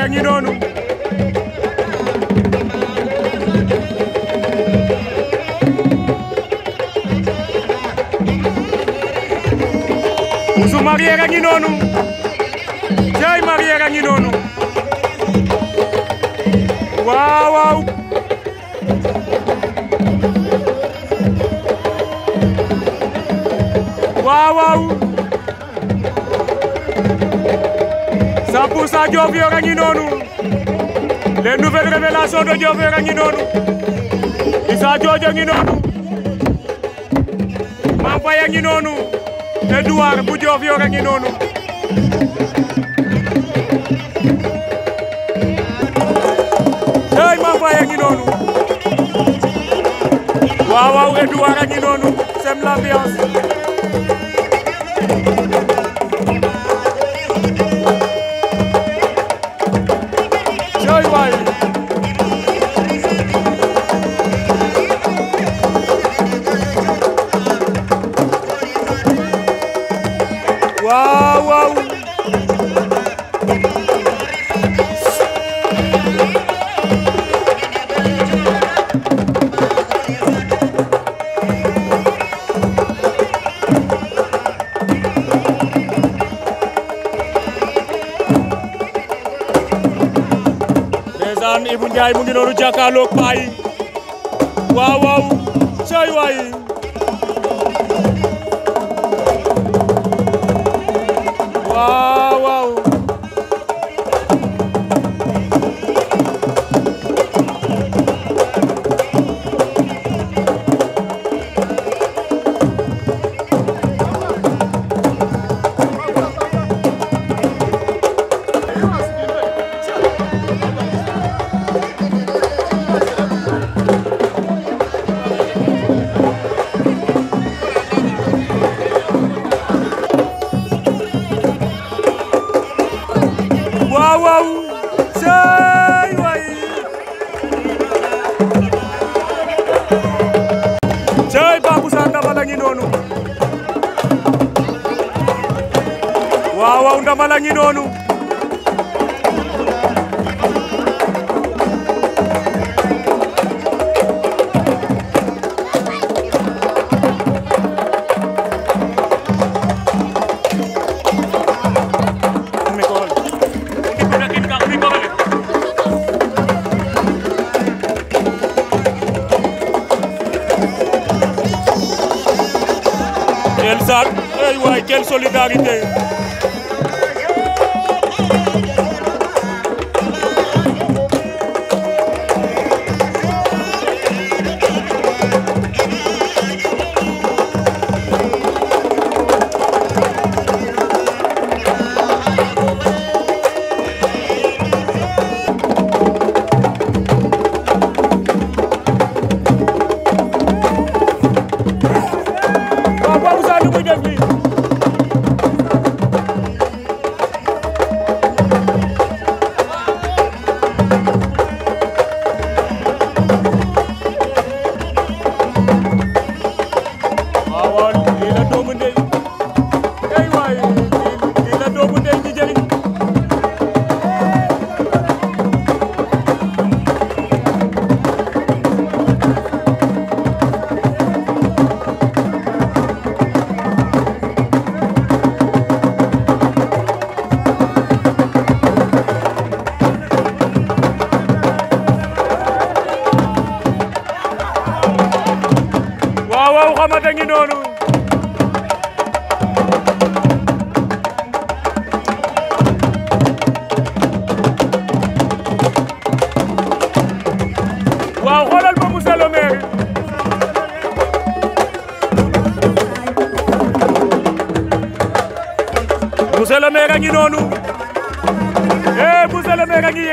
a ngi noonu musu mariyeer a ngi noonu jaay mariyeer a ngi noonu waaw waaw waaw waaw Boussa Diop yorangi nonu Les nouvelles révélations de Diop yorangi nonu Issa Diop nonu Mampa yorangi nonu Edouard Boudiop yorangi nonu Hey Mampa yorangi nonu Wawaw Edouard yorangi nonu Sem l'ambiance Thank you. Ndiaye mu ngi noonu jàkkaarloog lo yi waaw waaw cay waay Fafal a ngi noonu Ndeysaan ay waay quelle solidarité yaa ngi noonu eh monsieur le maire a ngi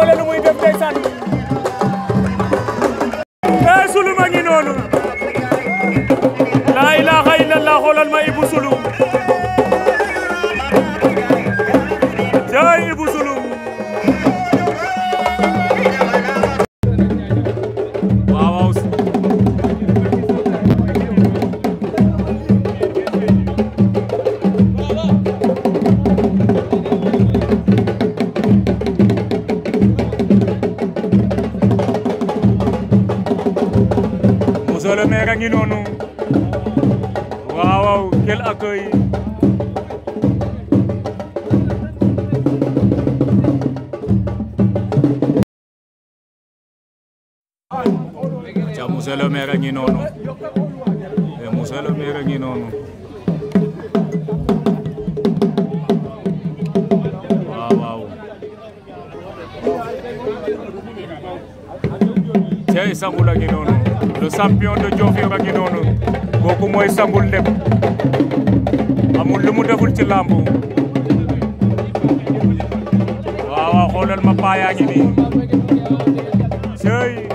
doole lu muy def ndeysaan daa sulu ma ngi noonu laa ilaaha illallaah xoolal ma ibu sulu accueille ca monsieur le maire a ngi noonu e eh, monsieur le maire ngi noonu waaw waaw cey ngi noonu le champion de Diofior a ngi noonu kooku mooy sangul lépp a lu mu deful ci làmb waaw waaw xoolal ma paayaa ngi nii sëy